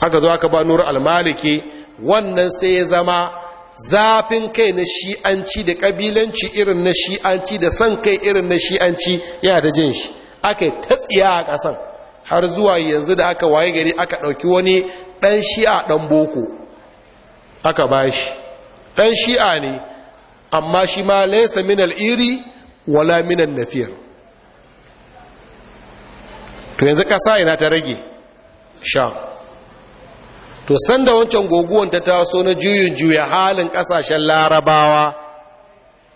Haka zo ka ba nura almaliki wannan sai ya zama zafin kai na shi'anci da ƙabilanci irin na shi'anci da son kai irin na shi'anci yana da jin shi aka yi ta tsiya a ƙasan har zuwa yanzu da aka waye gari aka ɗauki wani ɗan shi'a ɗan boko aka ba shi ɗan shi'a ne amma shi ma laisa min al'iri wala min nafiyar to yanzu ƙasa ina ta rage sha to sanda wancan goguwan ta taso na juyin juya halin ƙasashen larabawa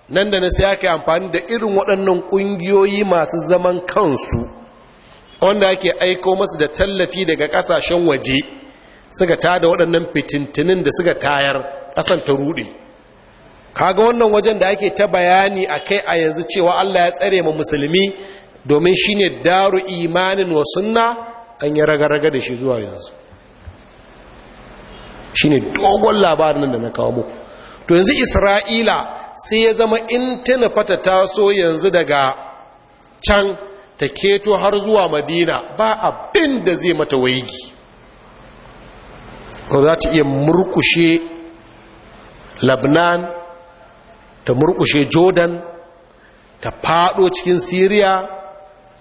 nan da na sai aka yi amfani da irin waɗannan ƙungiyoyi masu zaman kansu wanda ake aiko masu da tallafi daga kasashen waje suka tada waɗannan fitintinin da suka tayar ƙasan ta ruɗe kaga wannan wajen da ake ta bayani a kai a yanzu cewa allah ya tsare ma musulmi domin shi ne daru imanin wa sunna an yi raga-raga da shi zuwa yanzu Shi ne dogon labarin da na kawo muku to yanzu isra'ila sai ya zama in ta taso yanzu daga can ta keto har zuwa madina ba abin da zai mata waigi ko za ta iya murkushe labnan ta murkushe jordan ta fado cikin syria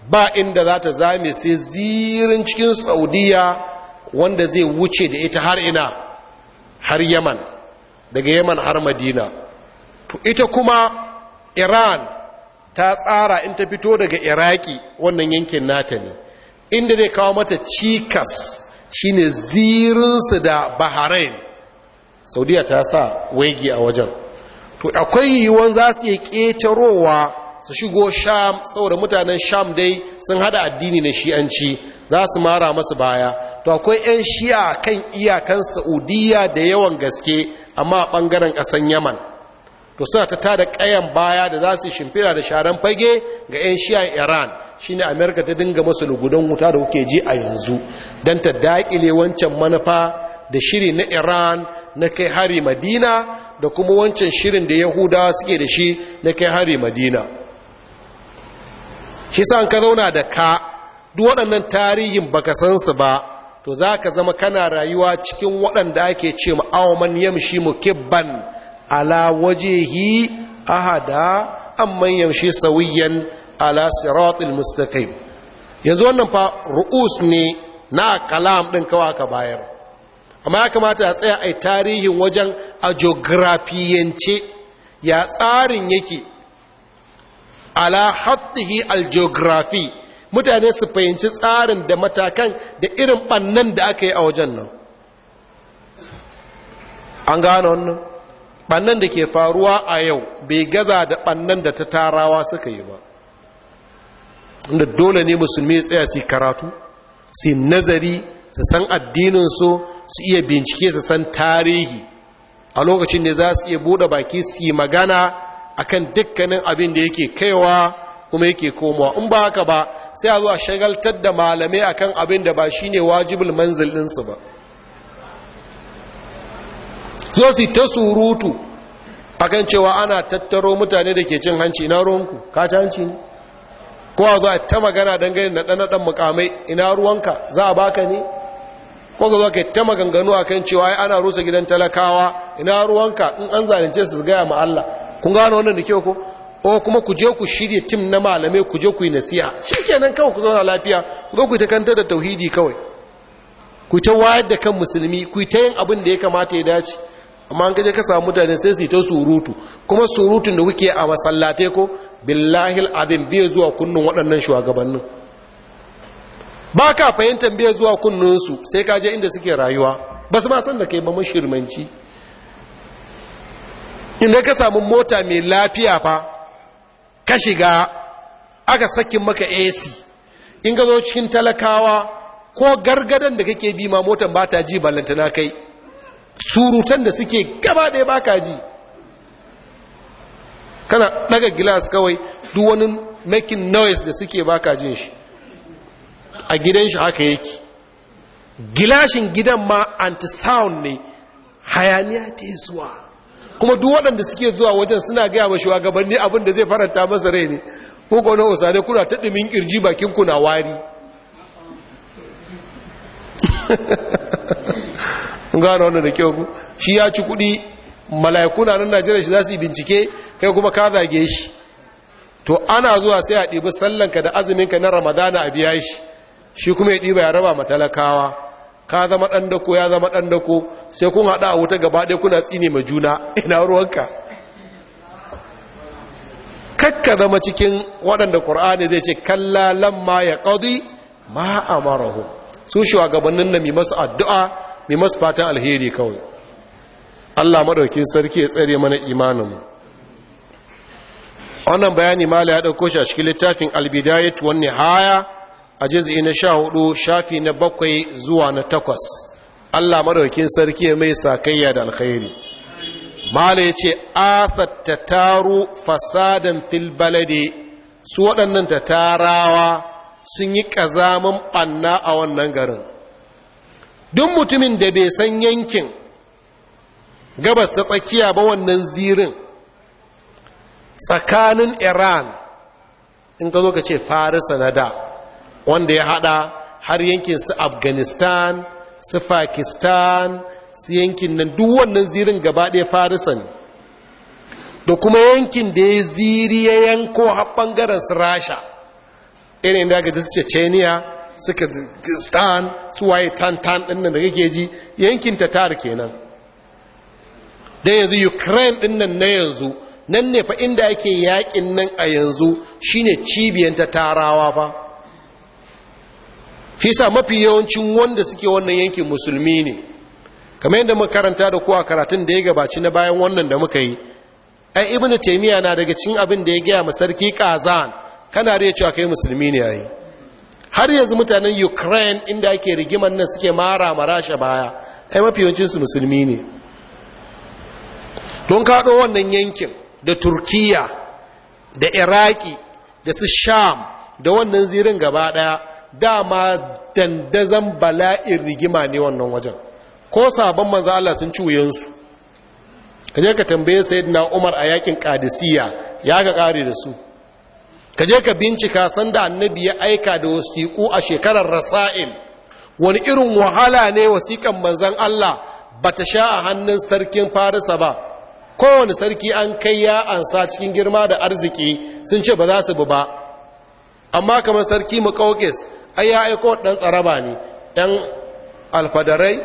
ba inda za ta zame sai zirin cikin saudiya wanda zai wuce da ita har ina har yaman daga yaman har madina ita kuma iran ta tsara in ta fito daga iraki wannan yankin nata ne inda zai kawo mata cikas shine zirinsu da bahrain saudiya ta sa waigi a wajen to akwai yiwuwan za su yi ƙetarowa su shigo sham saboda mutanen sham dai sun hada addini na shi'anci za su mara masu baya to akwai 'yan shi'a kan iyakan saudiya da yawan gaske amma a ɓangaren ƙasan yaman to suna ta tada kayan baya da za su shimfira da sharan fage ga 'yan shiyan iran shine amerika ta dinga masu lugudan wuta da kuke ji a yanzu don ta daƙile wancan manufa da shiri na iran na kai hari madina da kuma wancan shirin da yahudawa suke da shi na kai hari madina shi sa ka zauna da ka duk waɗannan tarihin baka san su ba to za ka zama kana rayuwa cikin waɗanda ake ce ma'awaman yamshi mukibban ala wajehi ahada amman yaushe sawiyan ala siratul mustaqim yanzu wannan fa ru'us ne na kalam din kawai aka bayar amma ya kamata a tsaya a tarihin wajen a ya tsarin yake ala haddihi algeography mutane su fahimci tsarin da matakan da irin bannan da aka yi a wajen nan an gano wannan ɓannan da ke faruwa a yau bai gaza da ɓannan da ta tarawa suka yi ba inda dole ne musulmi tsaya su karatu su nazari su san addininsu su iya bincike su san tarihi a lokacin da za su iya buɗe baki su yi magana akan dukkanin abin da yake kaiwa kuma yake komowa in ba haka ba sai a zuwa shagaltar da malamai akan abin da ba shine wajibul manzil ɗinsu ba zo su ta surutu akan cewa ana tattaro mutane da ke cin hanci ina ruwanku ka ci hanci ne ko a zo a ta magana dangane na ɗanaɗan mukamai ina ruwanka za a baka ne ko ga zo ka ta maganganu kan cewa ai ana rusa gidan talakawa ina ruwanka in an zalunce su gaya ma Allah kun gano wannan da kyau ko o kuma ku je ku shirye tim na malamai ku je ku yi nasiha shikenan kawai ku zauna lafiya ku zo ku ta kantar da tauhidi kawai ku ta wayar da kan musulmi ku ta yin abin da ya kamata ya dace amma an kaje ka samu mutane sai su ta surutu kuma surutun da kuke a masallatai ko billahi abin biya zuwa kunnun waɗannan shugabannin ba ka fahimtar biya zuwa kunnunsu sai ka je inda suke rayuwa ba su ma san da kai ba mashirmanci inda ka samu mota mai lafiya fa ka shiga aka saki maka ac in ga zo cikin talakawa ko gargadan da kake bi ma motan ba ta ji ballantana kai surutan da suke gaba ɗaya ba ka ji kana ɗaga gilas kawai duk wani makin noise da suke ba ka jin shi a gidan shi haka yake gilashin gidan ma anti-sound ne hayaniya ta zuwa kuma duk waɗanda suke zuwa wajen suna gaya ma wa gabanni abinda zai faranta masa rai ne ko kwanon wasa kuna ta ƙirji bakin kuna wari gano wannan da kyau ku shi ya ci kuɗi mala'ikuna nan najeriya shi za su yi bincike kai kuma ka zage shi to ana zuwa sai a ɗibi sallanka da azuminka na ramadana a biya shi shi kuma ya ɗiba ya raba matalakawa ka zama ɗan dako ya zama ɗan dako sai kun haɗa a wuta gaba ɗaya kuna tsine ma juna *laughs* ina ruwanka kakka zama cikin waɗanda ƙur'ani zai ce kalla lamma ya ƙaudi ma amarahu su shugabannin na mai masu addu'a mai masu fatan alheri kawai Allah maɗaukin sarki ya tsare mana imaninmu wannan bayani mala ya ɗauko shi a cikin littafin albidayet wani haya a jizi na sha hudu shafi na bakwai zuwa na takwas Allah maɗaukin sarki ya mai sakayya da alkhairi mala ya ce afatta taru fasadan filbalade, su waɗannan ta tarawa sun yi ƙazamin ɓanna a wannan garin duk mutumin da bai san yankin gabas ta tsakiya ba wannan zirin tsakanin iran in ka zo ka ce farisa na da wanda ya hada har yankin su afghanistan su pakistan su yankin nan duk wannan zirin gaba ɗaya farisa ne da kuma yankin da ya ziri ya yanko har ɓangaren su rasha irin da aka ce cheniya suka su waye tantan ɗin nan da kake ji yankin tatar kenan dan yanzu ukraine ɗinnan nan na yanzu nan ne fa inda ake yakin nan a yanzu shine cibiyan tarawa fa shi sa mafi yawancin wanda suke wannan yankin musulmi ne kamar yadda muka karanta da kuwa karatun da ya gabaci na bayan wannan da muka yi ai ibnu taymiya na daga cikin abin da ya gaya ma sarki kazan kana da cewa kai musulmi ne yayi har yanzu mutanen ukraine inda ake rigiman nan suke mara marasha baya ai mafi su musulmi ne don kaɗo wannan yankin da turkiya da iraki da su sham da wannan zirin gaba ɗaya dama dandazan bala'in rigima ne wannan wajen ko sabon manzo Allah sun ci wuyansu kaje ka tambaye sayyidina Umar a yakin Qadisiyya ya ga kare da su ka je ka bincika sanda annabi ya aika da wasiƙu a shekarar rasa'il wani irin wahala ne wasiƙan manzan Allah ba ta sha a hannun sarkin farisa ba kowane sarki an kai ya ansa cikin girma da arziki sun ce ba za su bi ba amma kamar sarki mukaukis ai ya aiko ɗan tsaraba ne ɗan alfadarai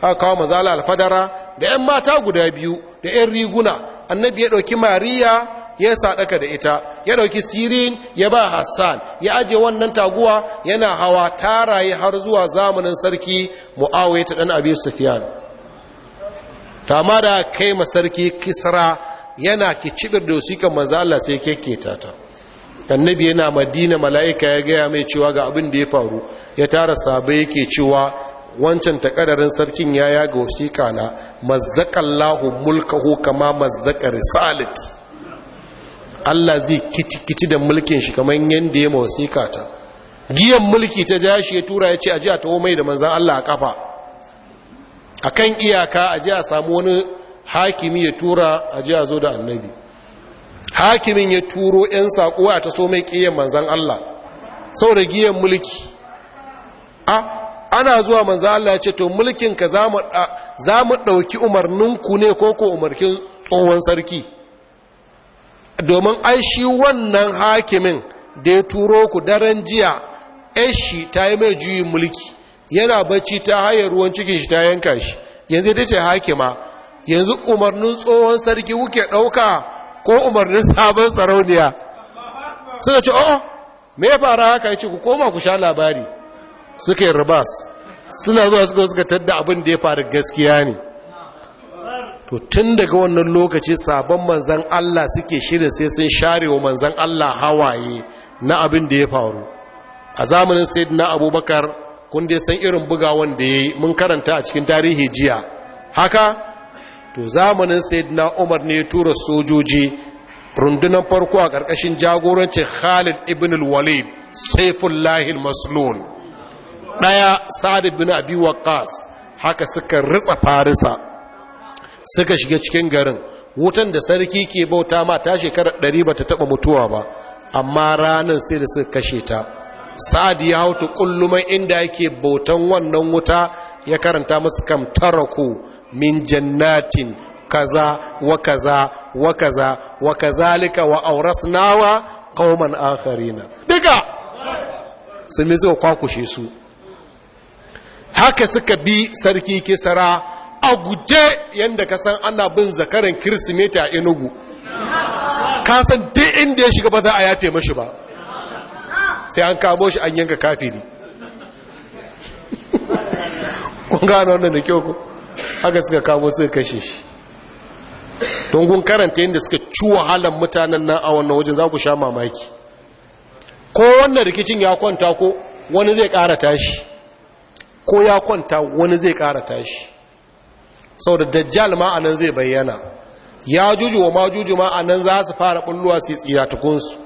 haka kawo mazala alfadara da 'yan mata guda biyu da 'yan riguna annabi ya ɗauki mariya ya sadaka da ita ya dauki sirin ya ba hassan ya aje wannan taguwa yana hawa taraye har zuwa zamanin sarki muawiya ta dan abi sufyan ma da kai ma sarki kisra yana kicibir da wasikan manzo Allah sai kekketa ta annabi yana madina mala'ika ya gaya mai cewa ga abin da ya faru ya tara sabai yake cewa wancan takadarin sarkin ya yaga wasiƙa na mazzaƙallahu mulkahu kama mazzaƙa risalit Allah zai kici da mulkin shi kamar yadda ya mawasika ta giyan mulki ta ja shi ya tura ya ce a ji a taho mai da manzan Allah a kafa a kan iyaka a ji a samu wani hakimi ya tura a ji a zo da annabi hakimin ya turo 'yan saƙo a ta so mai ƙiyan manzan Allah sau da giyan mulki a ana zuwa manzan Allah ya ce to mulkin ka za mu ɗauki umarninku ne ko ko umarkin tsohon sarki domin ai shi wannan hakimin da ya turo ku daren jiya shi ta yi mai juyin mulki yana bacci ta haya ruwan cikin shi ta yanka shi yanzu ita ce hakima yanzu umarnin tsohon sarki kuke ɗauka ko umarnin sabon sarauniya suka ce oh me ya fara haka ya ce ku koma ku sha labari suka yi rabas suna zuwa suka suka tadda abin da ya faru gaskiya ne to tun daga wannan lokaci sabon manzan Allah suke shirin sai sun share wa manzan Allah hawaye na abin da ya faru a zamanin sayyidina abubakar kun dai san irin bugawan da ya yi mun karanta a cikin tarihi jiya haka to zamanin sayyidina umar ne ya tura sojoji rundunar farko a ƙarƙashin jagorancin khalid ibn walid saifullahi maslun ɗaya sa'ad bin abi waqqas haka suka ritsa farisa suka shiga cikin garin wutan da sarki ke bauta ma ta shekarar ɗari ba ta taɓa mutuwa ba amma ranar sai da suka kashe ta sa'ad ya hautu kulluman inda yake bautan wannan wuta ya karanta musu kam taraku min jannatin kaza wa kaza wa kaza wa kazalika wa aurasnawa qauman akharina duka sun ne suka kwakushe su haka suka bi sarki kisara a guje yadda ka san ana bin zakaran kirsimeti a enugu ka san duk inda ya shiga ba za a yafe mashi ba sai an kamo shi an yanka ne *laughs* kun gano wannan da kyau ku haka suka kamo suka kashe shi don karanta yadda suka ci wahalar mutanen nan a wannan wajen za ku sha mamaki ko wannan rikicin ya kwanta ko wani zai ƙara tashi ko ya kwanta wani zai ƙara tashi sau da dajjal ma a zai bayyana ya juju wa ma juju ma a za su fara kulluwa su tsiya tukunsu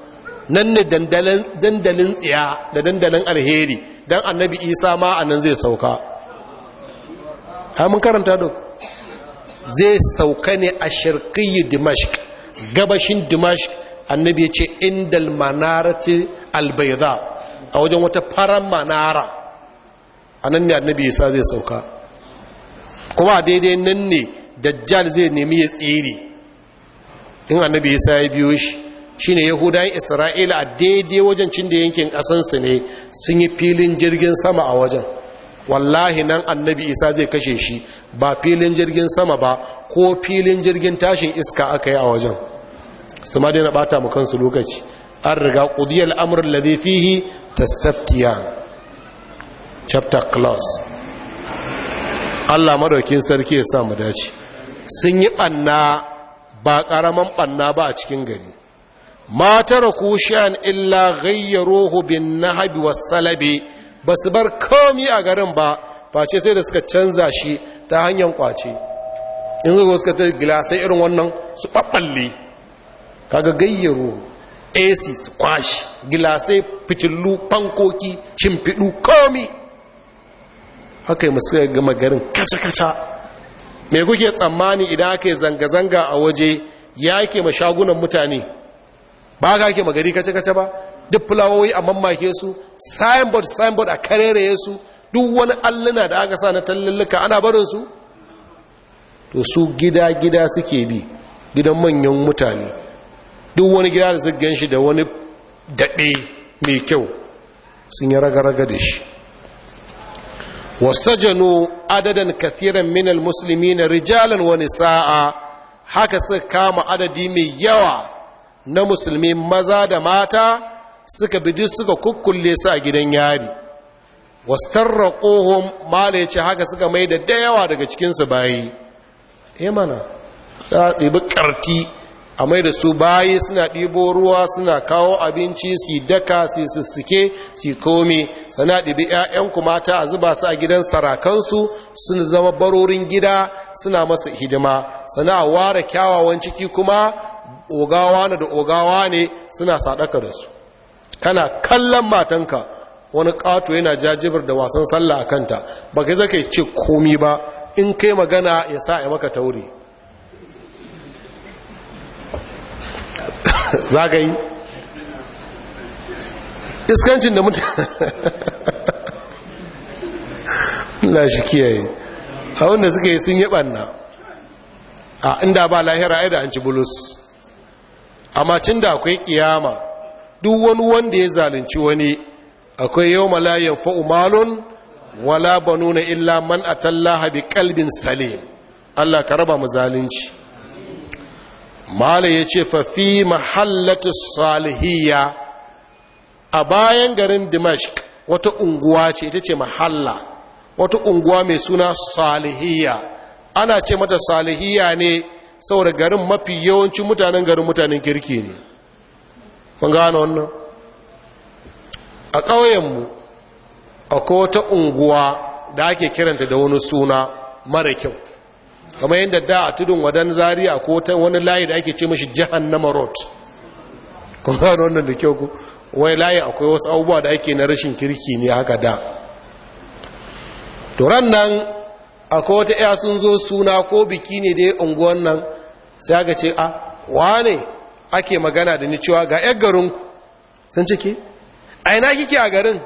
nan ne dandalin tsiya da dandalin alheri don annabi isa ma a nan zai sauka hamun karanta duk zai sauka ne a shirkiyi dimashik gabashin dimashik annabi ya ce indal manarati albaiza a wajen wata faran manara a nan ne annabi isa zai sauka kuma daidai nan ne dajjal zai nemi ya tsere in annabi isa ya biyo shi shi ne yahudayen isra'ila a daidai wajen cin da yankin ƙasansu ne sun yi filin jirgin sama a wajen wallahi nan annabi isa zai kashe shi ba filin jirgin sama ba ko filin jirgin tashin iska aka yi a wajen su ma daina bata mu kansu lokaci an riga ƙudiyar amurin lalifihi fihi ta staftiyan chapter close. Allah madaukin sarki ya sa mu dace sun yi banna ba karaman banna ba a cikin gari ma taraku shan illa ghayyaruhu bin nahbi was salabi basu bar komi a garin ba face sai da suka canza shi ta hanyar kwace in zo suka ta gilasai irin wannan su babballe kaga gayyaruhu AC su kwashi gilasai fitilu fankoki shimfidu komi aka yi musu gama garin kaca-kaca mai kuke tsammani idan aka yi zanga-zanga a waje ya ke ma shagunan mutane ba ka ke magari kaca-kaca ba duk fulawoyi a mammake su signboard signboard a karere su duk wani alluna da aka sa na tallallaka ana barin su to su gida-gida suke bi gidan manyan mutane duk wani gida da su gan shi da wani daɗe mai kyau sun yi raga-raga da shi wasajanu adadan kathiran minal musulmi na rijalan wani sa'a haka suka kama adadi mai yawa na musulmi maza da mata suka bidi suka kukkulle su a gidan yari wastarra ƙohon mala ya ce haka suka mai da dayawa daga cikinsu bayi e mana ta ɗibi ƙarti a mai da su bayi suna ɗibo ruwa suna kawo abinci su daka su sussuke su komi sana ɗibi 'ya'yanku mata a zuba su a gidan sarakansu sun zama barorin gida suna masa hidima sana ware kyawawan ciki kuma ogawa na da ogawa ne suna sadaka da su kana kallon matanka wani ƙato yana jajibar da wasan sallah a kanta ba kai zaka ce komi ba in kai magana ya sa a maka tauri *coughs* iskancin da mutane la shi kiyaye a wanda suka yi sun yi ɓanna a inda ba lahira ya da an ci bulus amma cin da akwai kiyama duk wani wanda ya zalunci wani akwai yau malayan fa'umalon wala banuna illa man a talla bi kalbin salim Allah ka raba mu zalunci malaye ya ce fafi mahallatu salihiyya a bayan garin dimashq wata unguwa ce ita ce mahalla wata unguwa mai suna salihiyya ana ce mata salihiyya ne saboda garin mafi yawancin mutanen garin mutanen kirki ne kun gano wannan a ƙauyenmu akwai wata unguwa da ake kiranta da wani suna mara kyau kamar yadda da a tudun wadan zariya ko ta wani layi da ake ce mashi jahannama road kun gano wannan da kyau ku wai layi akwai wasu abubuwa da ake na rashin kirki ne haka da turan nan akwai wata ya sun zo suna ko biki ne ya unguwan nan sai aka ce a ah, wane ake magana da ni cewa ga yar garinku sun ciki a ina kike a garin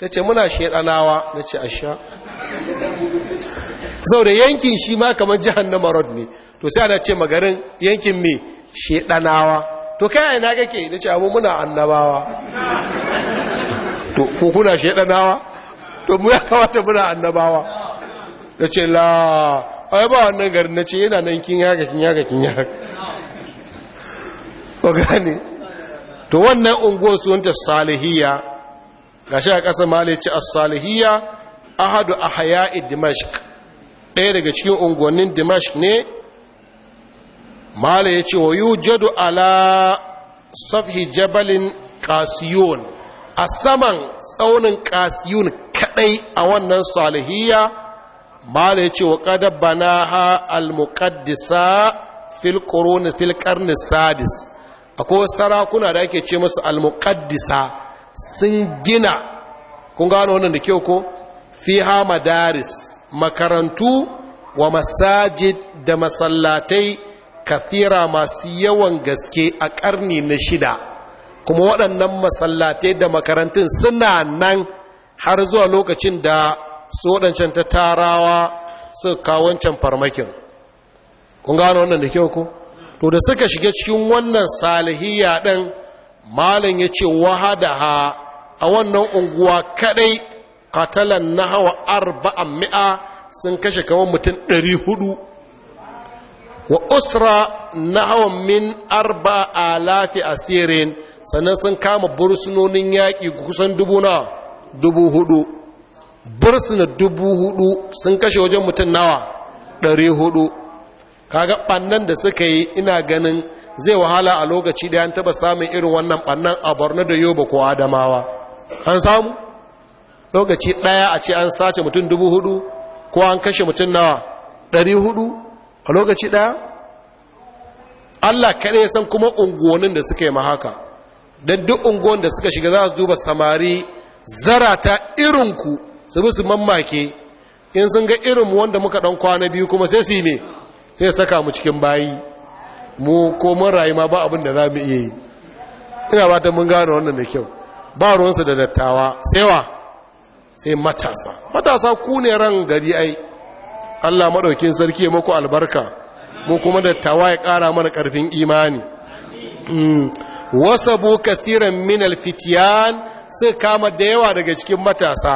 ta ce muna shaidanawa na ce a sha? sau da yankin shi ma kamar na Marot ne to sai ana ce magarin yankin mai shaidanawa to ka ina kake cewa abu muna annabawa to ko kuna shaidanawa, to mu ya kawata muna annabawa ce la ai ba wannan garin ce yana nan kin yaga kin yaga kin yaga ko gane to wannan ungo sunta salihiyya gashi a ƙasa malici as-salihiyya ahadu ahya'i dimashq ɗaya daga cikin unguwannin dimashq ne mala ya ce wa Jadu ala Safi jabalin kasiyon a saman tsaunin kasiyun kadai a wannan salihiyya mala ya ce wa kadabba na ha almuqaddisa fil korona fil karni sadis akwai sarakuna da ake ce masu almuqaddisa sun gina kun gano wannan da kyau ko Fi ha madaris makarantu wa masajid da masallatai kathira masu yawan gaske a ƙarni na shida kuma waɗannan masallatai da makarantun suna nan har zuwa lokacin da su waɗancan ta tarawa su kawancan farmakin kun gano wannan da kyau ko to da suka shiga cikin wannan salihiyya ɗin malin ya ce wahada ha a wannan unguwa kaɗai katalan na hawa arba'an mi'a sun kashe kamar mutum ɗari hudu wa usra nahawun min arba alafi asirin sannan sun kama bursunonin yaƙi kusan dubu na dubu hudu bursuna dubu hudu sun kashe wajen mutum nawa ɗari hudu kaga ɓannan da suka yi ina ganin zai wahala a lokaci da yan taɓa samun irin wannan ɓannan a borno da yoba ko adamawa an samu lokaci ɗaya a ce an sace mutum dubu hudu ko an kashe mutum nawa ɗari hudu a lokaci ɗaya allah kaɗai ya san kuma unguwannin da suka yi mahaka don duk unguwan da suka shiga za su duba samari zarata irinku su bi su mammake in sun ga irinmu wanda muka ɗan kwana biyu kuma sai su yi ne sai saka mu cikin bayi mu ko mun rayu ma ba abin da za mu iya yi ina ba ta mun gano wannan da kyau ba ruwansu da dattawa sai wa sai matasa matasa ku ne ran gari ai Allah maɗaukin sarki ya muku albarka mu kuma da tawa ya ƙara mana ƙarfin imani mm. wasabu kasiran min alfitiyan sai kama da yawa daga cikin matasa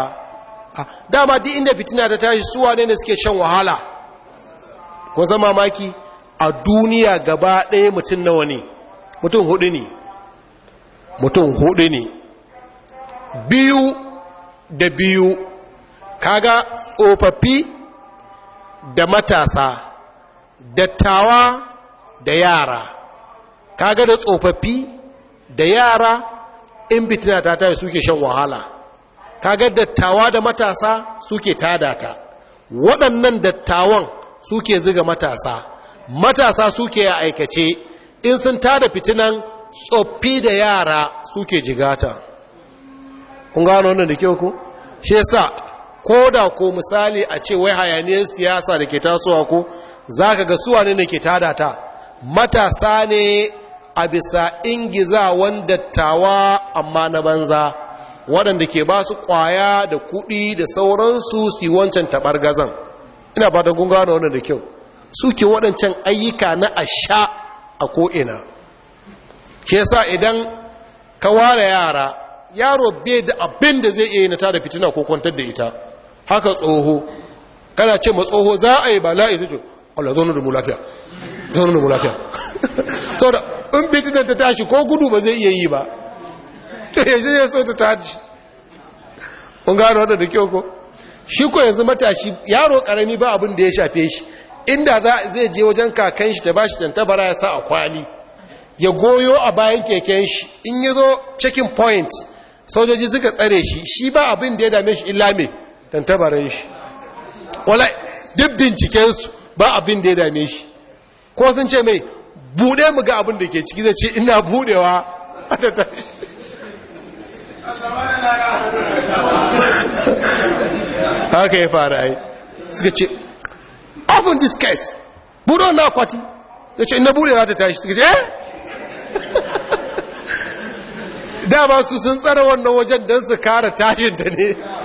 ah, dama duk inda fitina ta tashi suwa ne da suke shan wahala ko zama maki a duniya gaba ɗaya mutum nawa ne mutum hudu ne mutum hudu ne biyu da biyu kaga tsofaffi da matasa dattawa da yara kaga da tsofaffi da yara in bitina ta tayi suke shan wahala kaga dattawa da matasa suke tadata waɗannan dattawan suke ziga matasa matasa suke a aikace in sun tada fitinan tsoffi da yara suke jigata kun gano wannan da kyau ku shi yasa ko da ko misali a ce wai hayaniyar siyasa da ke tasowa ko za ka ga suwa ne ke tada ta matasa ne a bisa ingiza wanda tawa amma na banza waɗanda ke ba su ƙwaya da kuɗi da sauransu su yi wancan taɓar gazan ina ba da na wannan da kyau suke waɗancan ayyuka na asha a ko'ina ke sa idan ka ware yara yaro bai da abin da zai iya yi na tada fitina ko kwantar da ita haka tsoho kana ce ma tsoho za a yi bala'i ta ce Allah zo da mu lafiya da mu lafiya *laughs* da in fitinan ta tashi ko gudu ba zai iya yi ba to yanzu ya so ta tashi kun gano wadda da kyau ko shi ko yanzu matashi yaro karami ba abin da ya shafe shi inda zai je wajen kakan shi ta bashi tantabara ya sa a kwali ya goyo a bayan keken shi in ya zo checking point sojoji suka tsare shi shi ba abin da ya dame shi illa mai dan tabaran shi wala duk bincikensu ba abin da ya dame shi ko sun ce mai bude mu ga abin da ke ciki zai ce ina budewa haka ya fara ai suka ce often this case buɗe na akwati ya ce ina buɗe za ta tashi suka ce eh *laughs* dama su sun tsara wannan wajen don su kara tashinta ne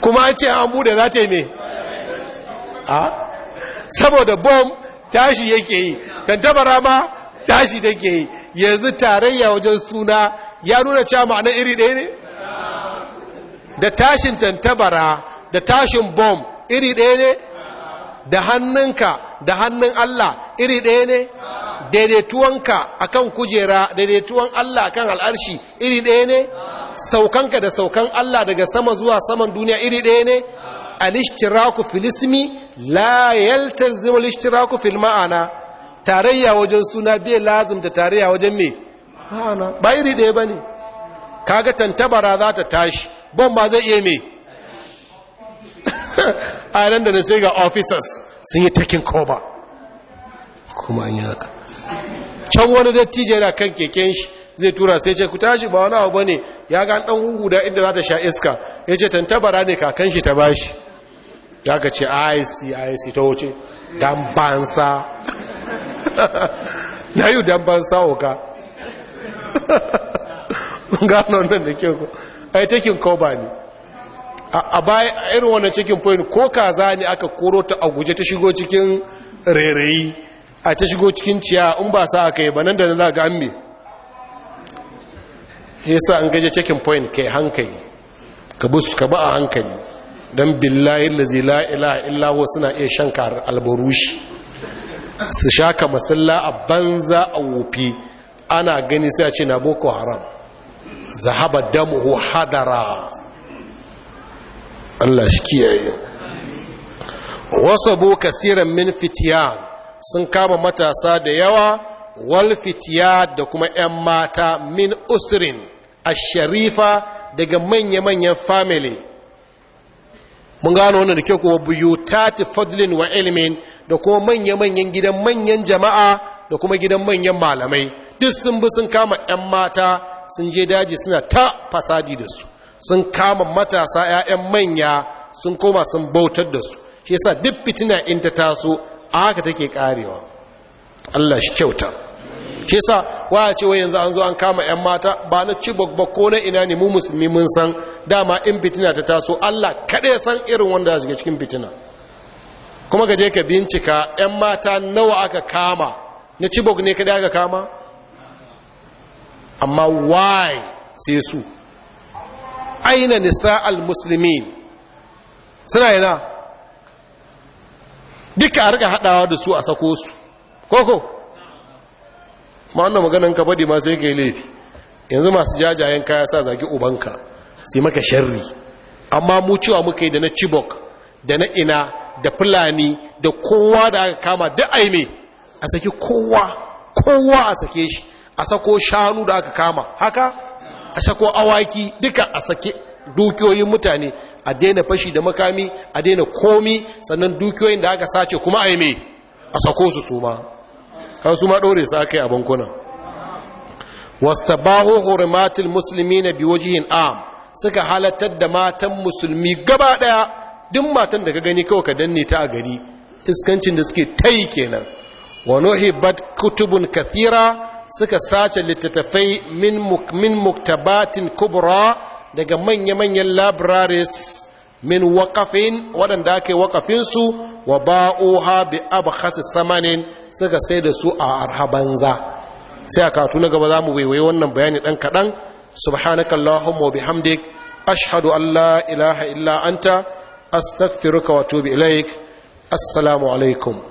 kuma an ce an bude za ta yi a saboda bom tashi yake yi tantabara ma tashi take yi yanzu tarayya wajen suna ya nuna cewa ma'ana iri ɗaya ne da tashin tantabara da tashin bom iri ɗaya ne da hannunka da hannun Allah iri ɗaya ne daidaituwanka kan kujera daidaituwan Allah akan al'arshi iri ɗaya ne saukanka da saukan Allah daga sama zuwa saman duniya iri ɗaya ne Alishtiraku Filismi. la yaltazimu zima alishtiraku fil ma'ana tarayya wajen suna biye lazim da tarayya wajen me ma'ana ba iri ɗaya ba ne kaga tantabara za ta tashi ba zai iya me *laughs* a nan da na sai ga officers sun yi taking cover kuma an yi haka can wani dattijo yana kan keken shi zai tura sai ce ku tashi ba wani abu bane ya ga dan hugu da inda za ta sha iska yace tantabara ne kakan shi ta bashi ya ga ce IC ah, IC ta wuce dan bansa na *laughs* yi dan bansa oka *laughs* gano nan da kyau ko ai takin koba ne a baya irin wannan cikin point ko kaza ne aka koro ta a guje ta shigo cikin rairayi a ta shigo cikin ciya in ba sa aka yi ba nan da za ga an me yasa an gaje checking point kai hankali ka bus ka ba a hankali dan billahi allazi la ilaha illa huwa suna iya shanka albarushi su shaka masalla a banza a wofi ana gani sai a ce na boko haram zahaba damu hadara Allah shi kiyaye wasabu kasiran min fitiya sun kama matasa da yawa wal fitiya da kuma 'yan mata min usrin sharifa daga manya-manyan family mun gano wannan da kyau kuma buyutati fadlin wa ilmin da kuma manya-manyan gidan manyan jama'a da kuma gidan manyan malamai duk sun bi sun kama 'yan mata sun je daji suna ta fasadi da su sun kama matasa 'ya'yan manya sun koma sun bautar da su shi yasa duk fitina in ta taso a haka take karewa Allah shi kyauta shi sa waya ce wai yanzu an zo an kama yan mata ba na ci ba ko na ina ne mu musulmi mun san dama in fitina ta taso Allah kaɗai san irin wanda za shiga cikin fitina kuma ka je ka bincika yan mata nawa aka kama na ci ne kaɗai aka kama amma why sai su aina nisa al-muslimin suna yana duka a rika haɗawa da su a sako su koko ma wannan maganan ka faɗi ma sai kai laifi yanzu masu jajayen kaya sa zagi ubanka sai maka sharri amma mu cewa muka yi da na chibok da na ina da fulani da kowa da aka kama duk aime a saki kowa kowa a sake shi a sako shanu da aka kama haka a sako awaki duka a sake dukiyoyin mutane a daina fashi da makami a daina komi sannan dukiyoyin da aka sace kuma aime a sako su suma kan su ma ɗore su aka yi a bankunan wastabahu hurmatul musulmi na biyojihin am suka halatar da matan musulmi gaba ɗaya duk matan da ka gani kawai ka danne ta a gari iskancin da suke ta yi kenan Wano bat kutubun kathira suka sace littattafai min muktabatin kubra daga manya-manyan labraris min waƙafin waɗanda ake su wa ba'uha bi abkhasi samanin suka sai da su a banza. sai a katu na gaba za mu waiwaye wannan bayani ɗan kaɗan subhanakallahumma wa bihamdik ashhadu an la ilaha illa anta astaghfiruka wa atubu ilaik assalamu alaikum